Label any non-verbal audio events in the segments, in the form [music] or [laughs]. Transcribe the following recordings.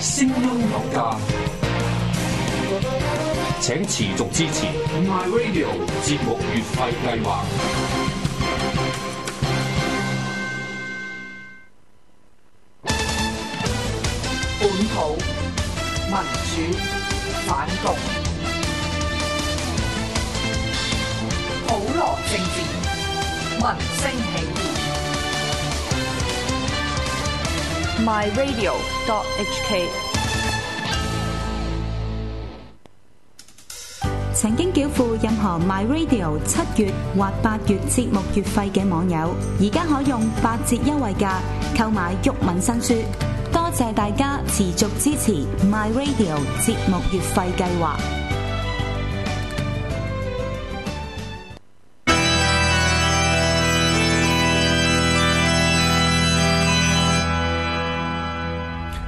聲音有價，請持續支持 My Radio 節目月費計劃。本土民主反共，普羅政治民生崛起。My Radio .hk。曾經繳付任何 My Radio 七月或八月節目月費嘅網友，而家可用八折優惠價購買《鬱敏新書》。多謝大家持續支持 My Radio 節目月費計劃。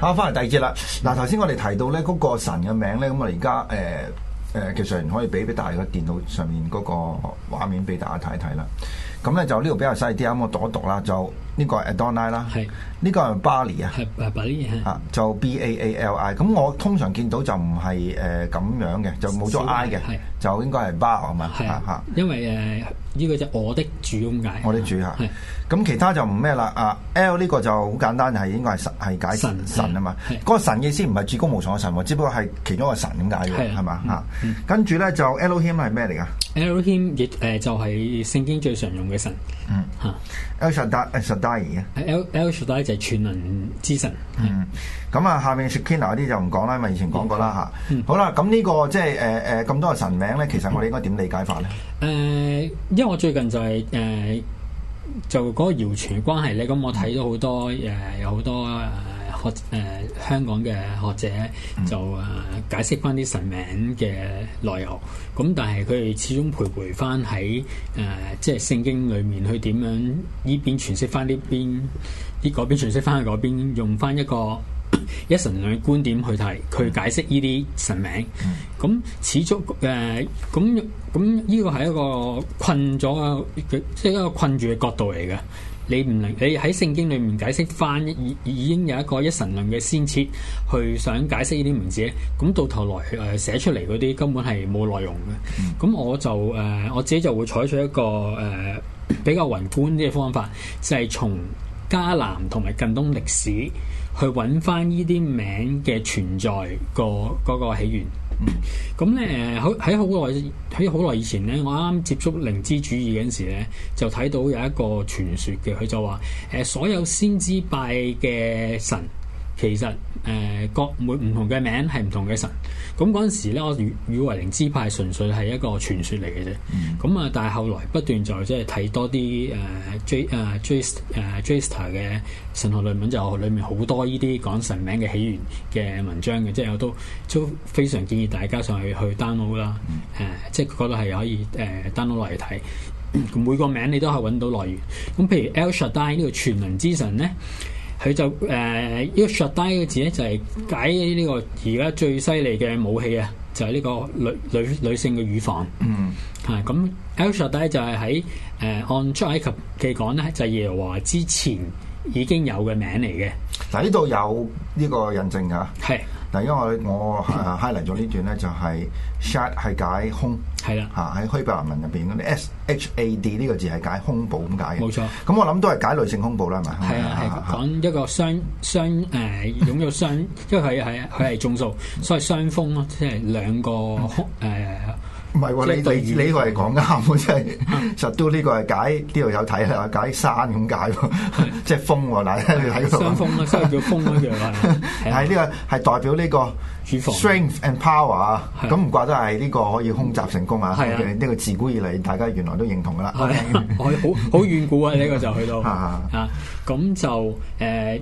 啊，翻嚟第二節啦。嗱，頭先我哋提到咧嗰個神嘅名咧，咁我哋而家誒誒，其實可以俾俾大個電腦上面嗰個畫面俾大家睇一睇啦。咁咧就呢度比較細啲，咁我讀一讀啦就。呢個係 Adonai 啦，係呢個係 Bali 啊，係 b a l 就 B A A L I。咁我通常見到就唔係誒咁樣嘅，就冇咗 I 嘅，就應該係 b a r 啊嘛嚇因為誒呢個就我的主咁解。我的主嚇，咁其他就唔咩啦啊 L 呢個就好簡單，係應該係神解神神啊嘛。嗰個神意思唔係至高無上嘅神，只不過係其中一個神咁解嘅係嘛嚇。跟住咧就 Elohim 係咩嚟噶？Elohim 就係聖經最常用嘅神。嗯嚇。El Shaddai 就係全能之神，嗯，咁啊，下面 Shekinah 嗰啲就唔講啦，因、就、咪、是、以前講過啦吓、嗯啊，好啦，咁呢、這個即係誒誒咁多個神名咧，其實我哋應該點理解法咧？誒、嗯，因為我最近就係、是、誒、呃，就嗰個謠傳關係咧，咁我睇到好多誒、呃，有好多。呃學誒、呃、香港嘅學者就誒、嗯、解釋翻啲神名嘅內容，咁但係佢哋始終徘徊翻喺誒即係聖經裏面去點樣呢邊詮釋翻呢邊，呢嗰邊詮釋翻去嗰邊，用翻一個 [coughs] 一神論嘅觀點去睇佢、嗯、解釋呢啲神名，咁、嗯、始終誒咁咁呢個係一個困咗，即係一個困住嘅角度嚟嘅。你唔能，你喺聖經裏面解釋翻，已已經有一個一神論嘅先設，去想解釋呢啲名字，咁到頭來誒寫出嚟嗰啲根本係冇內容嘅。咁、嗯、我就誒、呃、我自己就會採取一個誒、呃、比較宏觀啲嘅方法，就係、是、從迦南同埋近東歷史去揾翻呢啲名嘅存在個嗰個起源。嗯，咁咧誒，喺喺好耐，喺好耐以前咧，我啱接觸靈知主義嗰陣時咧，就睇到有一個傳說嘅，佢就話誒、呃、所有先知拜嘅神，其實誒各每唔同嘅名係唔同嘅神，咁嗰陣時咧，我與與為靈之派純粹係一個傳說嚟嘅啫。咁啊，但係後來不斷就即係睇多啲誒、uh, J 誒、uh, Jester 嘅神學論文，就是、我裡面好多呢啲講神名嘅起源嘅文章嘅，即、就、係、是、我都都非常建議大家上去去 download 啦、mm. 啊，誒，即係嗰度係可以誒 download 落嚟睇。每個名你都係揾到來源。咁譬如 El Shaddai 呢個全能之神咧。佢就誒，呃、呢個 El Shaddai 個字咧，就係、是、解呢個而家最犀利嘅武器啊！就係、是、呢個女女女性嘅乳房嗯嗯。嗯，係咁，El Shaddai 就係喺誒，按出埃及嘅講咧，就係、是、耶和華之前已經有嘅名嚟嘅。嗱，呢度有呢個印證㗎。係。嗱，但因為我 highlight 咗呢段咧，就係、是、s h a d 係解胸」的，係啦、啊，嚇喺虛白文入邊嗰啲 s h a d 呢個字係解胸部咁解嘅，冇錯。咁、嗯、我諗都係解女性胸部啦，係咪？係啊，係講一個雙雙誒擁有雙，呃、雙 [laughs] 因為係啊，佢係眾數，所以雙峯咯，即、就、係、是、兩個胸的唔係喎，你你呢個係講啱喎，即係實都呢個係解，呢度有睇啦，解山咁解喎， [laughs] 即係風喎，嗱是你睇到。雙風啊，代叫風一樣啊，係、嗯、呢、這個係代表呢個。Strength and Power 啊，咁唔怪得係呢個可以空襲成功啊，呢個自古以嚟大家原來都認同噶啦。我、啊 okay 啊、好好遠古啊，呢、這個就去到 [laughs] 啊，咁、啊、就誒、呃，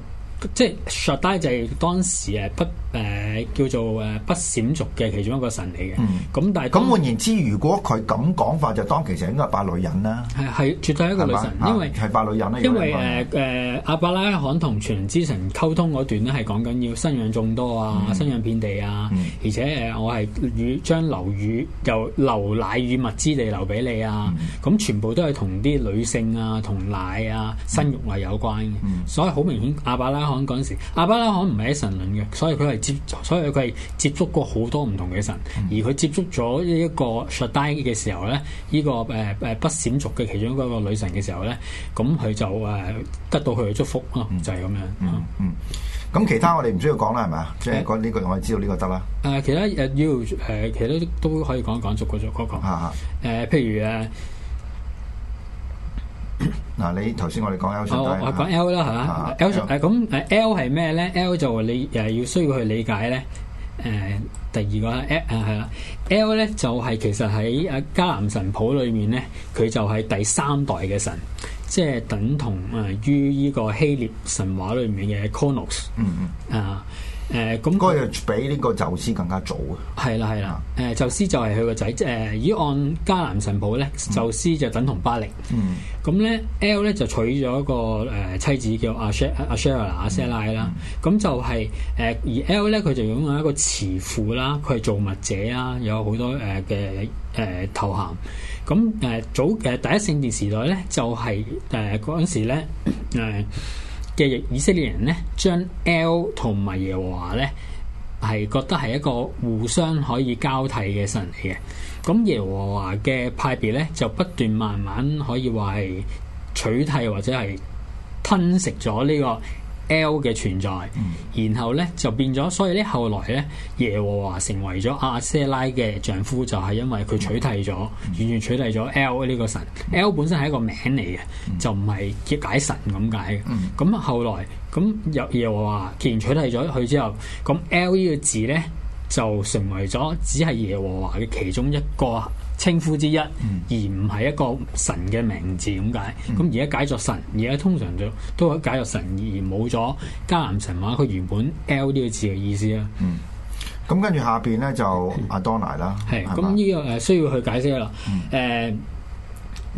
即係 shortly 就係當時誒不。誒叫做誒不閃族嘅其中一個神嚟嘅，咁、嗯、但係當咁換言之，如果佢咁講法，就當其實應該係拜女人啦，係係絕對一個女神，因為係拜女人啦，人因為誒誒、呃、阿伯拉罕同全知神溝通嗰段咧，係講緊要生養眾多啊，生養、嗯、遍地啊，嗯、而且誒、呃、我係雨將流雨又流奶與物之地留俾你啊，咁、嗯嗯、全部都係同啲女性啊、同奶啊、生育力有關嘅，嗯嗯、所以好明顯阿伯拉罕嗰陣時，阿伯拉罕唔係喺神論嘅，所以佢係。接所以佢係接觸過好多唔同嘅神，而佢接觸咗呢一個 Shaddai 嘅時候咧，呢、這個誒誒北閃族嘅其中一個女神嘅時候咧，咁佢就誒得到佢嘅祝福咯，就係咁樣。嗯咁、嗯嗯嗯嗯嗯嗯嗯、其他我哋唔需要講啦，係咪啊？即係、嗯、講呢、這、句、個呃、我哋知道呢個得啦。誒、呃，其他誒要誒，其實都都可以講講逐嘅逐嗰個。嚇、啊啊呃、譬如誒。啊嗱、啊，你頭先我哋講 L 我、哦是哦、講 L 啦嚇、啊啊、L 誒咁誒 L 係咩咧？L 就話你誒要需要去理解咧，誒、呃、第二個誒係啦，L 咧、啊、就係、是、其實喺誒迦南神譜裏面咧，佢就係第三代嘅神，即係等同誒於依個希臘神話裏面嘅 Kronos 嗯嗯 啊。誒，咁嗰、嗯、個比呢個宙斯更加早嘅。係啦，係啦。誒的、呃，宙斯就係佢個仔。即、呃、如以按迦南神譜咧，宙斯就等同巴力。嗯。咁咧呢、嗯、，L 咧就娶咗一個誒妻子叫阿謝阿謝拉阿塞拉啦。咁、啊嗯、就係、是、誒、呃，而 L 咧佢就擁有一個慈父啦，佢係造物者啦，有好多誒嘅誒頭銜。咁、呃、誒、呃呃、早誒、呃、第一聖殿時代咧，就係誒嗰陣時咧誒。嘅以色列人咧，將 L 同埋耶和華咧係覺得係一個互相可以交替嘅神嚟嘅。咁耶和華嘅派別咧，就不斷慢慢可以話係取替或者係吞食咗呢個。L 嘅存在，嗯、然後咧就變咗，所以咧後來咧，耶和華成為咗亞舍拉嘅丈夫，就係因為佢取替咗，完全取替咗 L 呢個神。L 本身係一個名嚟嘅，就唔係解神咁解嘅。咁後來咁，又耶和華既然取替咗佢之後，咁 L 呢個字咧就成為咗，只係耶和華嘅其中一個稱呼之一，而唔係一個神嘅名字咁解。咁而家解作神，而家通常就都解作神，而神，而冇咗迦南神話佢原本 L 呢個字嘅意思啊。嗯，咁跟住下邊咧就 Adonai 啦。係是，咁呢吧個誒需要去解釋啦。誒、嗯呃，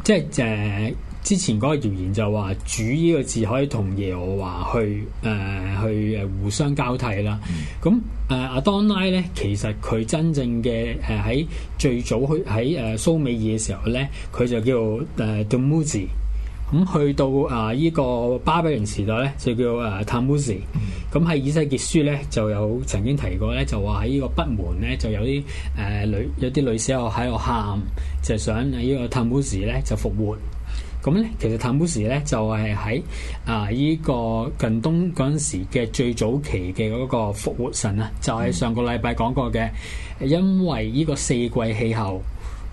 即係誒。呃之前嗰個謠言就話主呢個字可以同耶和華去誒去誒互相交替啦。咁誒阿當拉咧，其實佢真正嘅誒喺最早去喺誒蘇美爾嘅時候咧，佢就叫誒杜姆斯。咁去到啊呢個巴比倫時代咧，就叫誒塔穆斯。咁喺以西結書咧就有曾經提過咧，就話喺呢個北門咧就有啲誒女有啲女死後喺度喊，就係想呢個塔穆斯咧就復活。咁咧，其實塔姆士咧就係喺啊依個近東嗰陣時嘅最早期嘅嗰個復活神啊，就係、是、上個禮拜講過嘅，因為依個四季氣候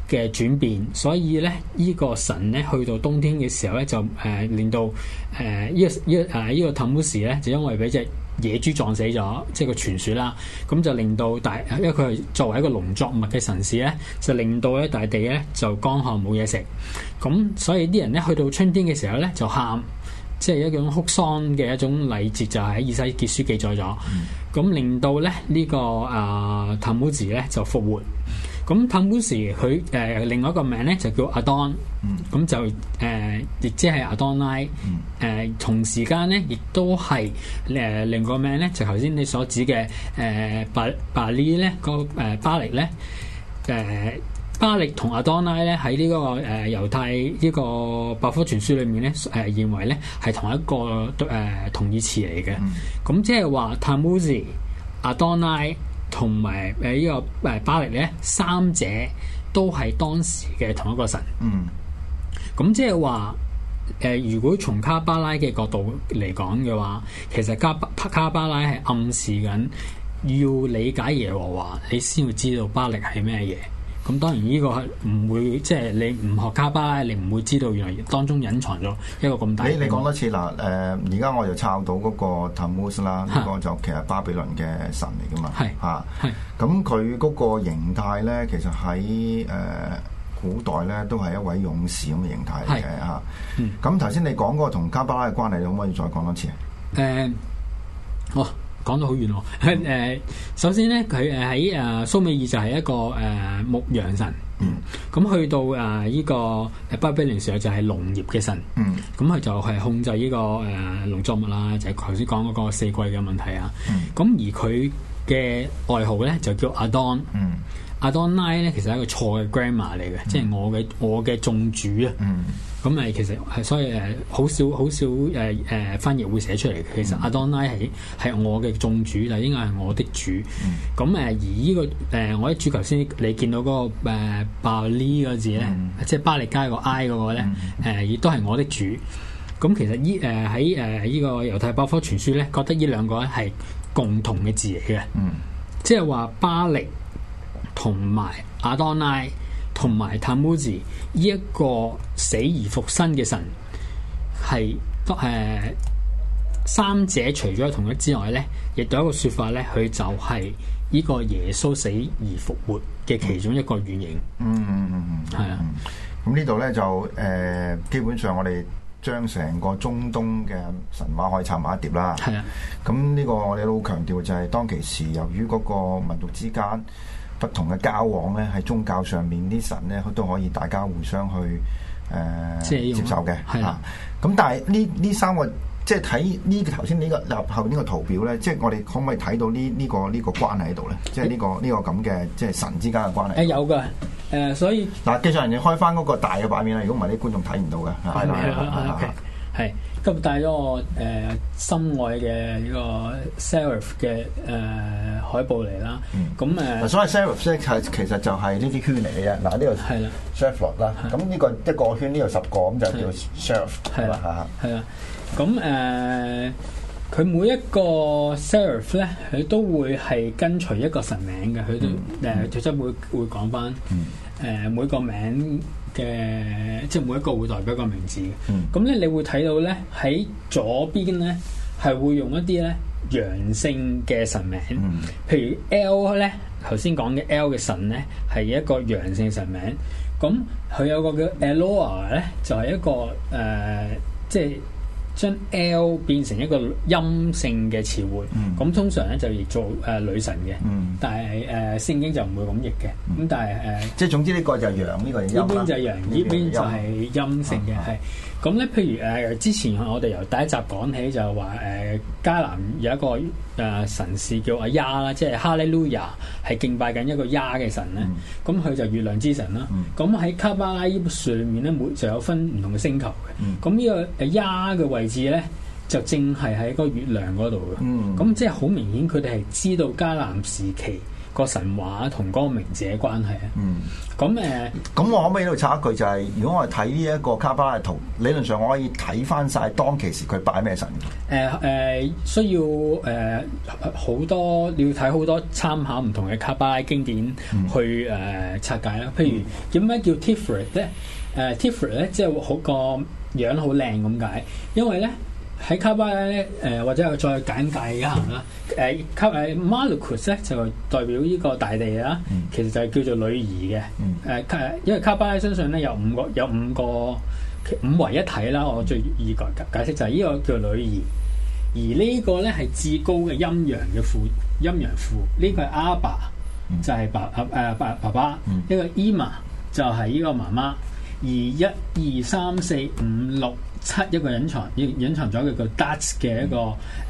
嘅轉變，所以咧依、這個神咧去到冬天嘅時候咧就誒令、呃、到誒依、呃這個依啊依個塔、呃這個、姆士咧就因為俾隻野豬撞死咗，即係個傳說啦。咁就令到大，因為佢係作為一個農作物嘅神使，咧，就令到咧大地咧就乾旱冇嘢食。咁所以啲人咧去到春天嘅時候咧就喊，即係一種哭喪嘅一種禮節，就喺《以西結書》記載咗。咁、嗯、令到咧呢、這個啊塔姆茲咧就復活。咁塔穆斯佢誒另外一個名咧、嗯、就叫阿當，咁、呃、就誒亦即係阿當拉，誒、呃、同時間咧亦都係誒、呃、另一個名咧就頭先你所指嘅誒、呃、巴巴呢，咧嗰誒巴力咧，誒巴力同阿當拉咧喺呢、這個誒、呃、猶太呢個百科全書裏面咧誒、呃、認為咧係同一個誒、呃、同義詞嚟嘅，咁即係話塔穆斯阿當拉。同埋誒呢個誒巴力咧，三者都係當時嘅同一個神。嗯。咁即係話誒，如果從卡巴拉嘅角度嚟講嘅話，其實卡卡卡巴拉係暗示緊要理解耶和華，你先會知道巴力係咩嘢。咁當然呢個唔會即係、就是、你唔學卡巴拉，你唔會知道原來當中隱藏咗一個咁大你。你你講多次嗱誒，而、呃、家我就抄到嗰個 Tammuz 啦，呢的個就其實巴比倫嘅神嚟噶嘛嚇。咁佢嗰個形態咧，其實喺誒、呃、古代咧都係一位勇士咁嘅形態嚟嘅嚇。咁頭先你講嗰個同卡巴拉嘅關係，可唔可以再講多次？誒好、呃。哦講到好遠喎，首先咧，佢誒喺誒蘇美爾就係一個誒牧羊神，咁、嗯、去到誒依個巴比倫時候就係農業嘅神，咁佢、嗯嗯、就係控制呢、呢個誒、呃、農作物啦，就係頭先講嗰個四季嘅問題啊。咁、嗯、而佢嘅愛好咧就叫阿當、嗯、阿當呢，阿當奈咧其實係一個錯嘅 grammar 嚟嘅，嗯、即係我嘅我嘅種主啊。嗯咁誒其實係，所以誒好少好少誒誒翻譯會寫出嚟。其實阿當拉係係我嘅眾主，就應該係我的主。咁誒、嗯、而呢、這個誒、呃、我喺主頭先你見到嗰、那個誒、呃、巴利個字咧，嗯、即係巴利加、那個 I 嗰個咧，誒亦、嗯呃、都係我的主。咁、嗯嗯、其實依誒喺誒依個猶太百科全書咧，覺得呢兩個咧係共同嘅字嚟嘅，嗯、即係話巴利同埋阿當拉。同埋塔木茲呢一個死而復生嘅神，係誒三者除咗同一之外咧，亦都有一個説法咧，佢就係呢個耶穌死而復活嘅其中一個原型。嗯嗯嗯嗯，係、嗯、啊。咁、嗯嗯、呀呢度咧就誒、呃、基本上我哋將成個中東嘅神話可以插埋一疊啦。係啊呀。咁呢個我哋都好強調就係當其時，由於嗰個民族之間。不同嘅交往咧，喺宗教上面啲神咧，佢都可以大家互相去誒、呃、用接受嘅，係啦的。咁、啊、但係呢呢三個，即係睇呢頭先呢個入、這個、後呢個圖表咧，即係我哋可唔可以睇到呢呢、這個呢、這個關係喺度咧？即係呢、這個呢、這個咁嘅即係神之間嘅關係。誒、呃、有㗎，誒、呃、所以嗱，繼續、啊、人哋開翻嗰個大嘅版面啦。如果唔係，啲觀眾睇唔到嘅。係係係。咁帶咗我誒心愛嘅呢個 Sephiroth 嘅誒海報嚟啦，咁誒所謂 Sephiroth 即係其實就係呢啲圈嚟嘅啫，嗱呢度係啦 Sephiroth 啦，咁呢個一個圈呢度十個咁就叫 Sephiroth 係嘛嚇？係啊，咁誒佢每一個 Sephiroth 咧，佢都會係跟隨一個神名嘅，佢都誒，最真會會講翻誒每個名。嘅即係每一個會代表一個名字嘅，嗯，咁咧你會睇到咧，喺左邊咧係會用一啲咧陽性嘅神名，譬如 L 咧頭先講嘅 L 嘅神咧係一個陽性神名，咁佢有個叫 Eloah 咧就係一個誒即係。將 L 變成一個陰性嘅詞彙，咁、嗯、通常咧就譯做誒、呃、女神嘅，嗯、但係誒聖經就唔會咁譯嘅，咁但係誒即係總之呢個就係陽呢、嗯、個係陰啦，呢邊就係陰性嘅係。啊啊咁咧，譬、嗯、如誒、呃、之前我哋由第一集講起就係話誒迦南有一個誒、呃、神士叫阿亞啦，即係哈利路亞係敬拜緊一個亞嘅神咧。咁佢、嗯嗯嗯、就月亮之神啦。咁喺卡巴拉樹上面咧，每就有分唔同嘅星球嘅。咁呢、嗯嗯嗯、個亞嘅位置咧，就正係喺個月亮嗰度嘅。咁、嗯嗯、即係好明顯，佢哋係知道迦南時期。個神話同嗰個名字嘅關係啊？嗯，咁誒，咁、呃、我可唔可以喺度插一句就係、是，如果我哋睇呢一個卡巴拉圖，理論上我可以睇翻晒當其時佢擺咩神嘅？誒、呃呃、需要誒好、呃、多，你要睇好多參考唔同嘅卡巴拉經典去誒、嗯呃、拆解啦。譬如點解叫 Tiferet 咧？誒、呃、Tiferet 咧，即係好個樣好靚咁解，因為咧。喺卡巴拉呢，誒、呃、或者我再簡介一下啦。誒、嗯，卡誒 Malkuth 呢就代表呢個大地啦。其實就係叫做女兒嘅。誒、嗯呃，因為卡巴拉身上呢有五個，有五個五位一體啦。我最易解解釋就係、是、呢個叫做女兒，而個呢個呢係至高嘅陰陽嘅父，陰陽父。呢、這個係阿爸，就係、是、爸阿爸、嗯呃、爸爸。呢、這個 Imma 就係、是、呢個媽媽。而一二三四五六。七一個隱藏，隱隱藏咗佢個德式嘅一個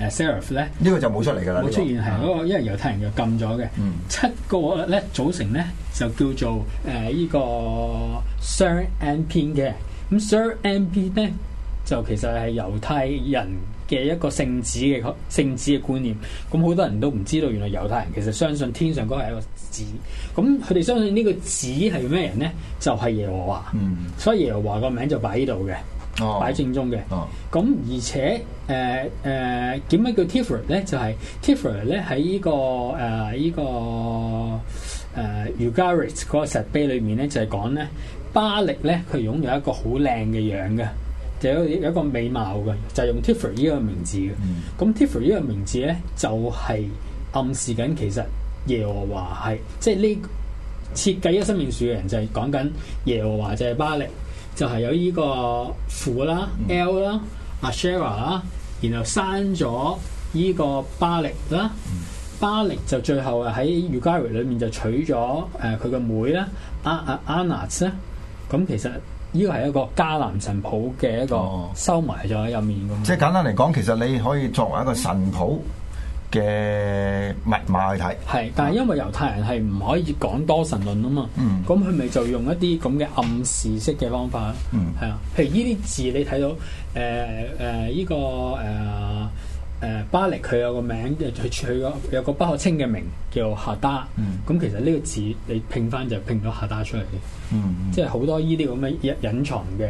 誒 serif 咧，呢、嗯啊、個就冇出嚟㗎啦，冇出現係嗰、嗯、因為猶太人就禁咗嘅。嗯、七個我咧組成咧就叫做誒依、呃這個 Sir N P 嘅，咁 Sir N P 咧就其實係猶太人嘅一個聖子嘅個聖子嘅觀念。咁好多人都唔知道，原來猶太人其實相信天上嗰係一個子。咁佢哋相信呢個子係咩人咧？就係、是、耶和華。嗯，所以耶和華個名就擺喺度嘅。哦，擺正宗嘅，哦、oh, oh. 嗯，咁而且誒誒點解叫 Tifer 咧？就係、是、Tifer 咧喺呢，這個誒依、呃這個誒、呃、Ugarit 嗰個石碑裏面咧，就係講咧巴力咧佢擁有一個好靚嘅樣嘅，就有一一個美貌嘅，就係、是、用 Tifer 呢個名字嘅。咁 Tifer 呢個名字咧就係、是、暗示緊其實耶和華係即係呢設計一生命樹嘅人，就係講緊耶和華就係巴力。就係有依個父啦、L 啦、阿 Shara 啦，然後生咗依個巴力啦，嗯、巴力就最後啊喺 Ugarit 裏面就娶咗誒佢個妹啦，阿阿 Anat n 咧，咁、啊啊啊啊、其實呢個係一個迦南神譜嘅一個收埋咗喺入面嘅。即係簡單嚟講，其實你可以作為一個神譜、嗯。嘅密碼去睇，係，但係因為猶太人係唔可以講多神論啊嘛，嗯，咁佢咪就用一啲咁嘅暗示式嘅方法，嗯，係啊，譬如呢啲字你睇到，誒誒呢個誒誒巴力佢有個名，就佢佢個有個不可稱嘅名叫哈達，嗯，咁其實呢個字你拼返就拼咗哈達出嚟嘅，嗯，即係好多呢啲咁嘅隱藏嘅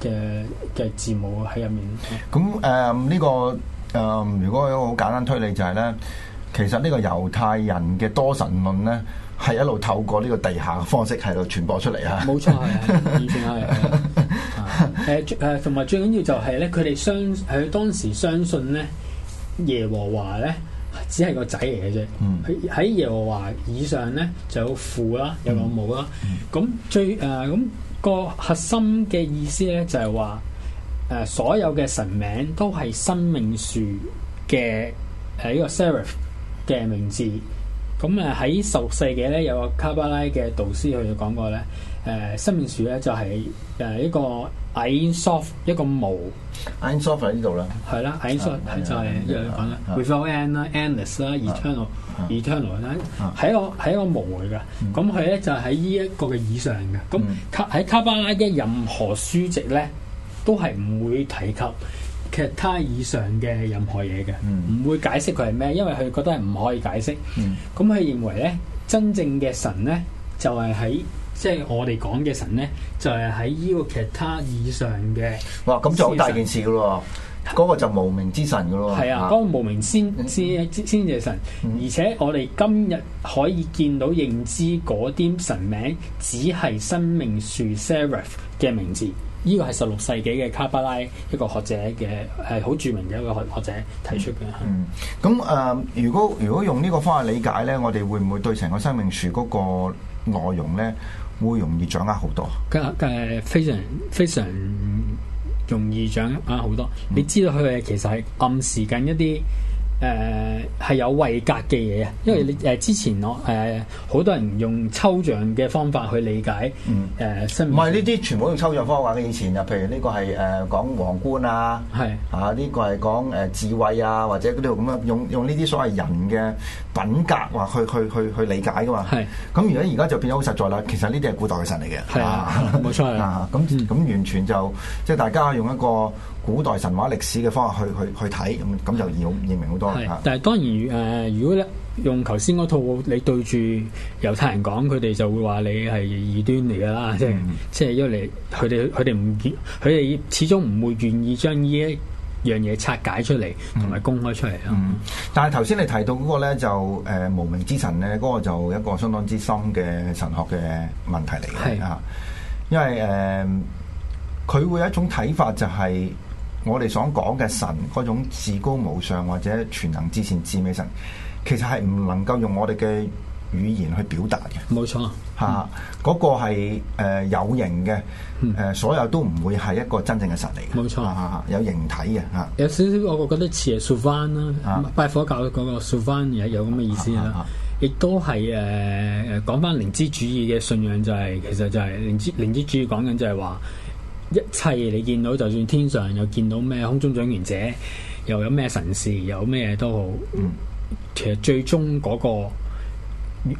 誒嘅嘅字母喺入面，咁誒呢個。誒，um, 如果有一個好簡單推理就係咧，其實呢個猶太人嘅多神論咧，係一路透過呢個地下嘅方式喺度傳播出嚟吓。冇錯， [laughs] 以前係誒誒，同埋、 [laughs] 啊、最緊要就係咧，佢哋相喺當時相信咧，耶和華咧只係個仔嚟嘅啫。喺喺、嗯、耶和華以上咧就有父啦，有個母啦。咁、嗯嗯、最誒咁、呃那個核心嘅意思咧就係話。誒所有嘅神名都係生命樹嘅誒呢個 seraph 嘅名字，咁誒喺十六世紀咧有個卡巴拉嘅導師佢就講過咧，誒、呃、生命樹咧就係誒一個 Ain Soph 一個毛 Ain Soph 喺呢度啦，係啦 Ain Soph 係就係一樣講啦，refill end 啦 a n d l e s、啊、s 啦，eternal，eternal 啦，喺一個喺一個毛嚟㗎，咁佢咧就喺呢一個嘅以上㗎，咁喺卡巴拉嘅任何書籍咧，都係唔會提及其他以上嘅任何嘢嘅，唔、嗯、會解釋佢係咩，因為佢覺得係唔可以解釋。咁佢、嗯、認為咧，真正嘅神咧就係喺即係我哋講嘅神咧，就係、是、喺、就是、呢、就是、個其他以上嘅。哇！咁就好大件事噶咯，嗰、嗯、個就無名之神噶咯。係、嗯、啊，嗰、啊、個無名先先先嘅神，而且我哋今日可以見到認知嗰啲神名，只係生命樹 Sephirah 嘅名字。呢個係十六世紀嘅卡巴拉一個學者嘅係好著名嘅一個學學者提出嘅、嗯。嗯，咁、嗯、誒，如果如果用呢個方法理解咧，我哋會唔會對成個生命樹嗰個內容咧，會容易掌握好多？嘅誒，非常非常容易掌握好多。嗯、你知道佢係其實係暗示緊一啲。誒係有位格嘅嘢啊，因為你誒之前我誒好多人用抽象嘅方法去理解，誒新唔係呢啲全部用抽象方法嘅。以前啊，譬如呢個係誒講皇冠啊，係啊呢個係講誒智慧啊，或者呢度咁樣用用呢啲所謂人嘅品格話去去去去理解噶嘛。係咁，如果而家就變咗好實在啦。其實呢啲係古代嘅神嚟嘅，係啊冇錯。咁咁完全就即係大家用一個。古代神話歷史嘅方法去去去睇咁咁就易易明好多啦。但係當然誒、呃，如果你用頭先嗰套，你對住猶太人講，佢哋就會話你係異端嚟噶啦。嗯、即係即係因為佢哋佢哋唔佢哋始終唔會願意將呢一樣嘢拆解出嚟，同埋公開出嚟啊、嗯嗯。但係頭先你提到嗰個咧，就誒、呃、無名之神咧，嗰、那個就一個相當之深嘅神學嘅問題嚟嘅啊。是因為誒，佢、呃、會有一種睇法就係、是。我哋所講嘅神嗰種至高無上或者全能至善至美神，其實係唔能夠用我哋嘅語言去表達嘅。冇錯，嚇、嗯、嗰、啊那個係、呃、有形嘅，誒、嗯、所有都唔會係一個真正嘅神嚟嘅。冇錯，有形體嘅嚇。有少少、啊、我覺得似係 shivan 啦、啊，拜火教嗰個 shivan 有咁嘅意思啦。亦、啊啊啊、都係誒誒講翻靈知主義嘅信仰、就係，就係其實就係靈知靈知主義講緊就係、係、話。一切你見到，就算天上又見到咩空中掌權者，又有咩神事，又有咩都好、嗯。其實最終嗰、那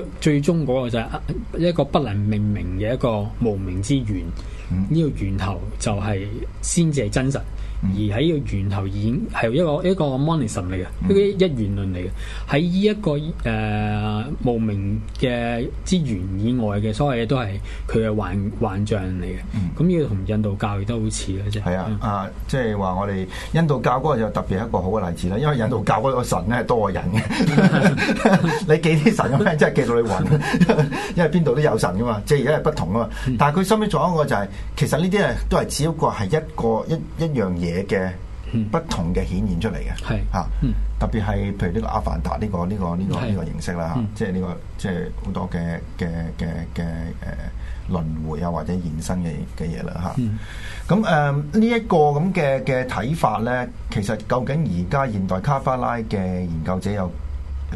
個最終嗰個就係一個不能命名嘅一個無名之源，呢、嗯、個源頭就係先至係真實。而喺呢個源頭已經係一,一,一, [noise] 一個一個 monism 嚟嘅，一一元論嚟嘅。喺呢一個誒、呃、無名嘅之源以外嘅，所有嘢都係佢嘅幻幻象嚟嘅。咁呢個同印度教亦都好似嘅啫。係、嗯、啊，啊即係話我哋印度教嗰個就特別一個好嘅例子啦。因為印度教嗰個神咧係多個人嘅， [laughs] [laughs] 你祭啲神咁樣真係祭到你暈， [laughs] 因為邊度都有神噶嘛。即係而家係不同啊嘛。但係佢身邊仲有一個就係、是，其實呢啲誒都係只不過係一個一一樣嘢。嘢嘅不同嘅顯現出嚟嘅，係嚇，特別係譬如呢個阿凡達呢、呢個呢、呢個呢、呢個呢、呢個形式啦，嚇、啊，即係呢、呢個即係好多嘅嘅嘅嘅誒輪迴啊，或者現身嘅嘅嘢啦嚇，咁 [noise] 誒、嗯這個、呢一個咁嘅嘅睇法咧，其實究竟而家現代卡巴拉嘅研究者有？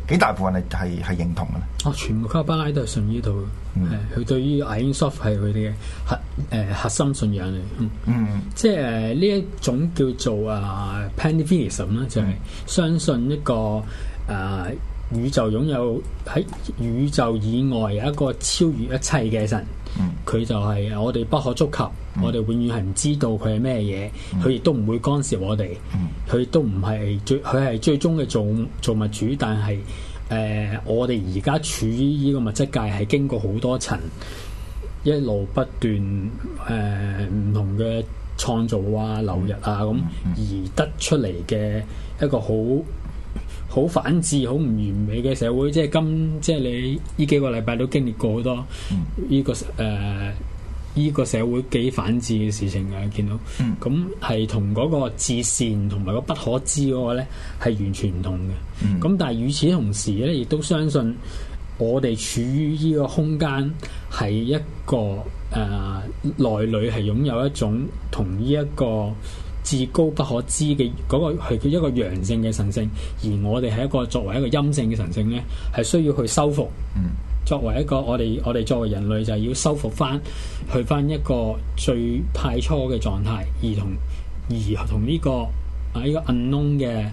幾大部分係係係認同嘅咧？哦，全部卡巴拉都係信呢度嘅。嗯，佢對於阿英索夫係佢哋嘅核誒、呃、核心信仰嚟。嗯，嗯即係呢、呃、一種叫做啊 panentheism 啦，ism, 就係相信一個誒、呃、宇宙擁有喺宇宙以外有一個超越一切嘅神。佢、嗯、就係我哋不可觸及，嗯、我哋永遠係唔知道佢係咩嘢，佢亦、嗯、都唔會干涉我哋，佢、嗯、都唔係最，佢係最終嘅造造物主，但係誒、呃，我哋而家處於呢個物質界，係經過好多層，一路不斷誒唔同嘅創造啊、流入啊咁、嗯嗯嗯、而得出嚟嘅一個好好反智、好唔完美嘅社會，即係今即係你呢幾個禮拜都經歷過好多呢、嗯這個誒依、呃這個社會幾反智嘅事情嘅，見到咁係同嗰個至善同埋個不可知嗰個呢係完全唔同嘅。咁、嗯、但係與此同時呢亦都相信我哋處於呢個空間係一個誒內裏係擁有一種同呢一個。至高不可知嘅嗰個係叫一個陽性嘅神聖，而我哋係一個作為一個陰性嘅神聖咧，係需要去修復。作為一個我哋我哋作為人類就係要修復翻，去翻一個最太初嘅狀態，而同而同呢、這個啊呢、呢個 unknown 嘅誒、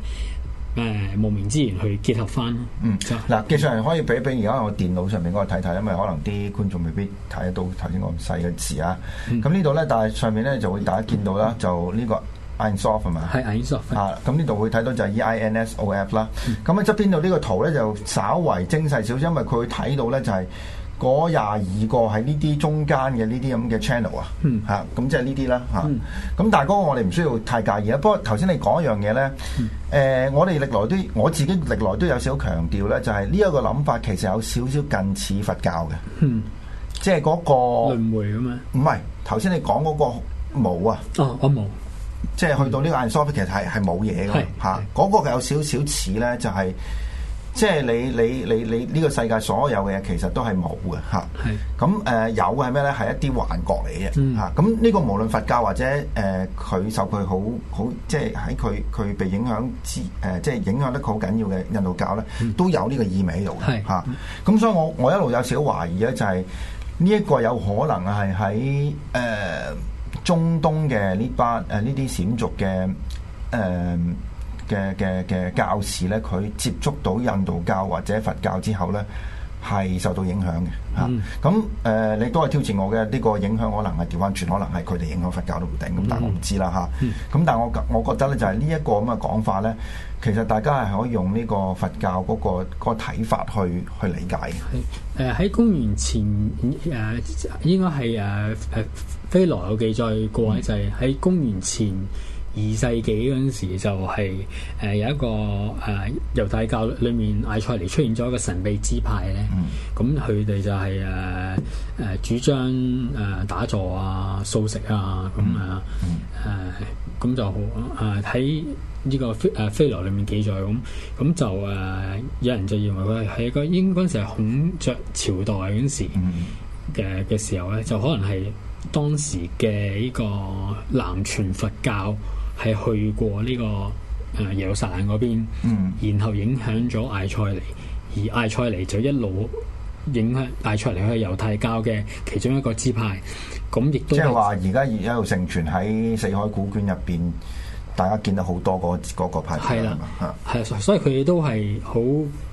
呃、無名之源去結合翻。嗯，嗱、就係，技術人可以俾一俾，而家我電腦上面嗰個睇睇，因為可能啲觀眾未必睇得到頭先咁細嘅字啊。咁呢度咧，但係上面咧就會大家見到啦，就呢、呢個。s o f t 係嘛？係 s o f t 啊！咁呢度會睇到就係 E I N S O F 啦。咁喺側邊度呢個圖咧就稍為精細少少，因為佢會睇到咧就係嗰廿二個喺呢啲中間嘅呢啲咁嘅 channel 啊。嚇咁即係呢啲啦。嚇咁但係嗰個我哋唔需要太介意啊。不過頭先你講一樣嘢咧，誒我哋歷來都我自己歷來都有少強調，咧，就係呢一個諗法其實有少少近似佛教嘅。即係嗰個輪迴咁。唔係頭先你講嗰個冇啊？哦，我冇。即係去到呢個 Ain Soph 其實係係冇嘢噶嚇，嗰、啊那個有少少似咧、就是，就係即係你你你你呢個世界所有嘅嘢，其實都係冇嘅嚇。咁、啊、誒、呃、有嘅係咩咧？係一啲幻覺嚟嘅嚇。咁呢是、啊、個無論佛教或者誒佢、呃、受佢好好即係喺佢佢被影響之誒，即、呃、係影響得好緊要嘅印度教咧，都有呢個意味喺度嘅嚇。咁、啊是啊、所以我我一路有少少懷疑咧、就是，就係呢一個有可能係喺誒。呃呃中東嘅呢班誒，呢啲閃族嘅誒嘅嘅嘅教士咧，佢接觸到印度教或者佛教之後咧。係受到影響嘅嚇，咁誒、嗯啊呃、你都係挑戰我嘅呢、這個影響可，可能係調翻轉，可能係佢哋影響佛教都唔定，咁但係我唔知啦嚇。咁、啊嗯啊、但係我我覺得咧，就係呢一個咁嘅講法咧，其實大家係可以用呢個佛教嗰、那個睇、那個、法去去理解嘅。誒喺、呃、公元前誒、呃、應該係誒誒菲羅有記載過，嗯、就係喺公元前。二世紀嗰陣時就係、是、誒、呃、有一個誒猶太教裏面艾塞尼出現咗一個神秘支派咧，咁佢哋就係誒誒主張誒、呃、打坐啊、素食啊咁、呃嗯嗯呃呃、啊誒咁就好誒喺呢個誒《飛羅》裏面記載咁，咁、嗯、就誒、呃、有人就認為佢係喺個應該係孔雀朝代嗰陣時嘅嘅時候咧、嗯嗯，就可能係當時嘅呢個南傳佛，佛教。係去過呢、這個誒、呃、耶路撒冷嗰邊，嗯、然後影響咗艾塞尼，而艾塞尼就一路影響艾塞尼去猶太教嘅其中一個支派，咁亦都即係話而家而家成存喺四海古卷入邊，大家見到好多嗰個派。係啦、嗯，係、嗯啊啊，所以佢哋都係好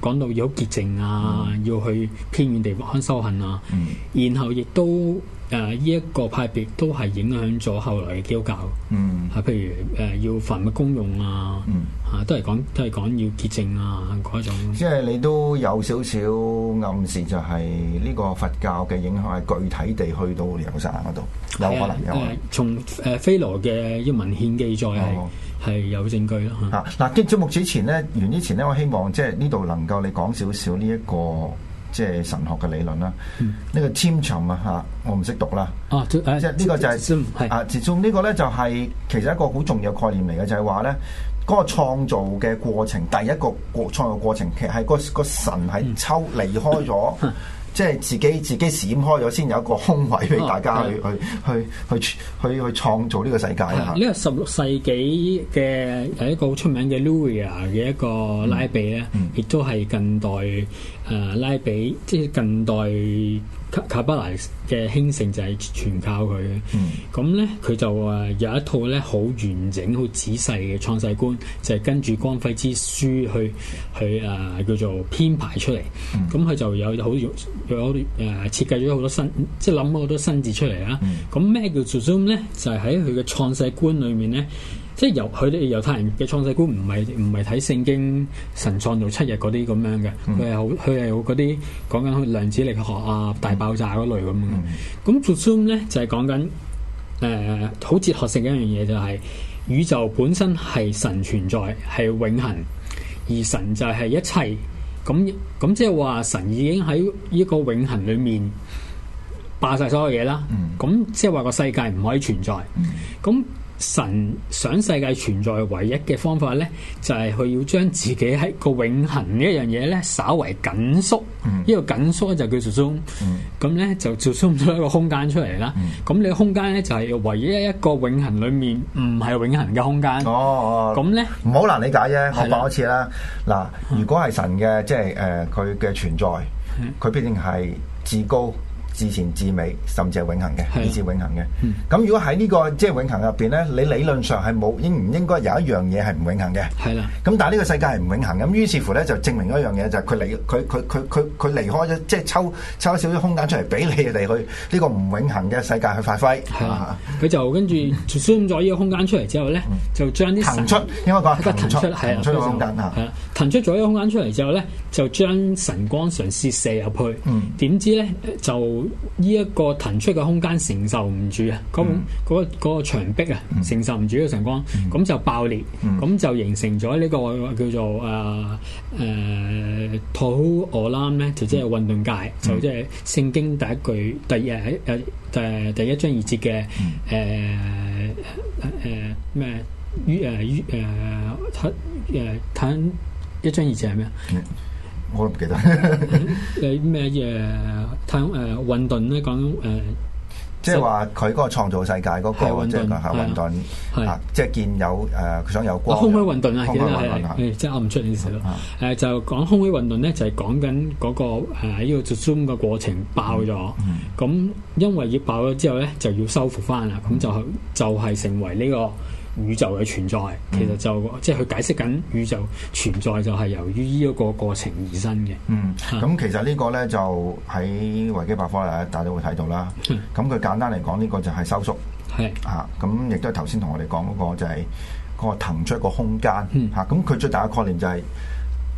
講到要潔淨啊，嗯、要去偏遠地方修行啊，嗯嗯、然後亦都。誒依一個派別都係影響咗後來嘅基督教，嗯，啊，譬如誒、呃、要凡物公用啊，嗯，啊，都係講都係講要潔淨啊嗰種，即係你都有少少暗示，就係呢個佛教嘅影響係具體地去到嚟到西嗰度，嗯、有可能有可能啊。從、呃、菲羅嘅《一文獻記載》係係有證據咯嚇。嗱、啊，跟住、啊、目之前咧完，完之前呢，我希望即係呢度能夠你講少少呢一、這個。即係神學嘅理論啦，呢、嗯、個 Tzimtzum，啊嚇，我唔識讀啦，啊、即係呢個就係、是、啊，最終呢個咧就係其實一個好重要概念嚟嘅，就係話咧嗰個創造嘅過程，第一個個創造嘅過程，其實係個個神係抽離、嗯、開咗。啊 [laughs] 即係自己自己閃開咗，先有一個空位俾大家去、啊、去去去去，去創造呢個世界呢、呢個十六世紀嘅有一個好出名嘅 Luria 嘅一個拉比咧，亦都係近代誒、呃、拉比，即係近代卡巴拉嘅興盛就係全靠佢。咁咧佢就誒有一套咧好完整、好仔細嘅創世觀，就係、是、跟住《光輝之書》去去去誒叫做編排出嚟。咁佢、嗯嗯、就有好有啲誒設計咗好多新，即係諗好多新字出嚟啦。咁咩、嗯、叫做 Zoom 咧？就係喺佢嘅創世觀裏面咧，即係由佢哋猶太人嘅創世觀唔係唔係睇聖經神創造七日嗰啲咁樣嘅，佢係好佢係好嗰啲講緊量子力學啊、大爆炸嗰類咁嘅。咁 Zoom 咧就係講緊誒好哲學性嘅一樣嘢，就係宇宙本身係神存在，係永恆，而神就係一切。咁咁即係話神已經喺呢個永恆裏面霸晒所有嘢啦，咁、嗯、即係話個世界唔可以存在，咁、嗯。神想世界存在唯一嘅方法咧，就係、是、佢要將自己喺個永恒呢樣嘢咧，稍、嗯、為緊縮，呢個緊縮就叫做「縮、嗯，咁咧就收縮咗一個空間出嚟啦。咁、嗯、你個空間咧就係、是、唯一一個永恒裏面唔係永恒嘅空間哦。咁咧唔好難理解啫，我白一次啦。嗱的，如果係神嘅，即係誒，佢、呃、嘅存在，佢、嗯、必定係至高。至前至美，甚至係永恒嘅，而是永恒嘅。咁的如果喺呢、這個即係、就是、永恒」入邊咧，你理論上係冇應唔應該有一樣嘢係唔永恒」嘅的。係啦。咁但係呢個世界係唔永恒」。咁於是乎咧就證明一樣嘢就係、是、佢離佢佢佢佢佢離開咗，即、就、係、是、抽抽少啲空間出嚟俾你哋去呢、這個唔永恒」嘅世界去發揮。佢的、嗯、就跟住 [laughs] 輸咗呢個空間出嚟之後咧，就將啲騰出，應該講的騰出，騰出，騰出，騰出空間啊，係啊，騰出咗呢個空間出嚟之後咧，就將神光嘗試射入去。嗯。點知咧就？呢一個騰出嘅空間承受唔住啊，嗰嗰、嗯那個、那個牆壁啊承受唔住嘅神光，咁、嗯、就爆裂，咁、嗯、就形成咗呢、這個叫做啊誒土蛾卵咧，就即係運動界，嗯、就即係聖經第一句，第二喺誒第第一章二節嘅誒誒咩？於誒於誒睇誒睇一章二節係咩啊？嗯可能唔記得。誒咩嘢？太陽誒運頓混沌咧講誒，即係話佢嗰個創造世界嗰個，即係講下混沌，即係見有誒，佢想有光。空虛混沌啊，係係即係噏唔出呢件事咯。誒就講空虛混沌咧，就係講緊嗰個誒呢個最終嘅過程爆咗。咁因為要爆咗之後咧，就要修復翻啦。咁就就係成為呢個。宇宙嘅存在，其實就、嗯、即係佢解釋緊宇宙存在就係由於呢一個過程而生嘅。嗯，咁、啊、其實個呢個咧就喺維基百科啦，大家會睇到啦。咁佢、嗯、簡單嚟講，呢、呢個就係收縮。係是啊，咁亦都係頭先同我哋講嗰個就係、是、嗰個騰出個空間。嗯，咁佢、啊、最大嘅概念就係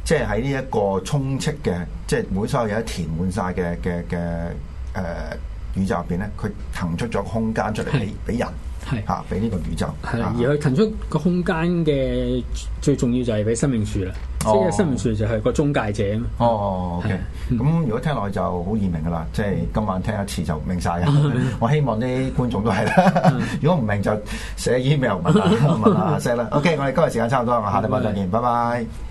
即係喺呢一個充斥嘅，即、就、係、是、每所有嘢都填滿晒嘅嘅嘅誒宇宙入邊咧，佢騰出咗空間出嚟俾俾人。是 係啊，俾呢個宇宙係，而去騰出個空間嘅最重要就係俾生命樹啦。哦、即係生命樹就係個中介者。哦、嗯、哦，OK、嗯。咁如果聽落去就好易明噶啦，即、就、係、是、今晚聽一次就明晒。 [laughs] 我希望啲觀眾都係啦。 [laughs] 如果唔明就寫 email 問啦、啊，咁阿 set 啦。OK，我哋今日時間差唔多，我下禮拜再見， [laughs] 拜拜。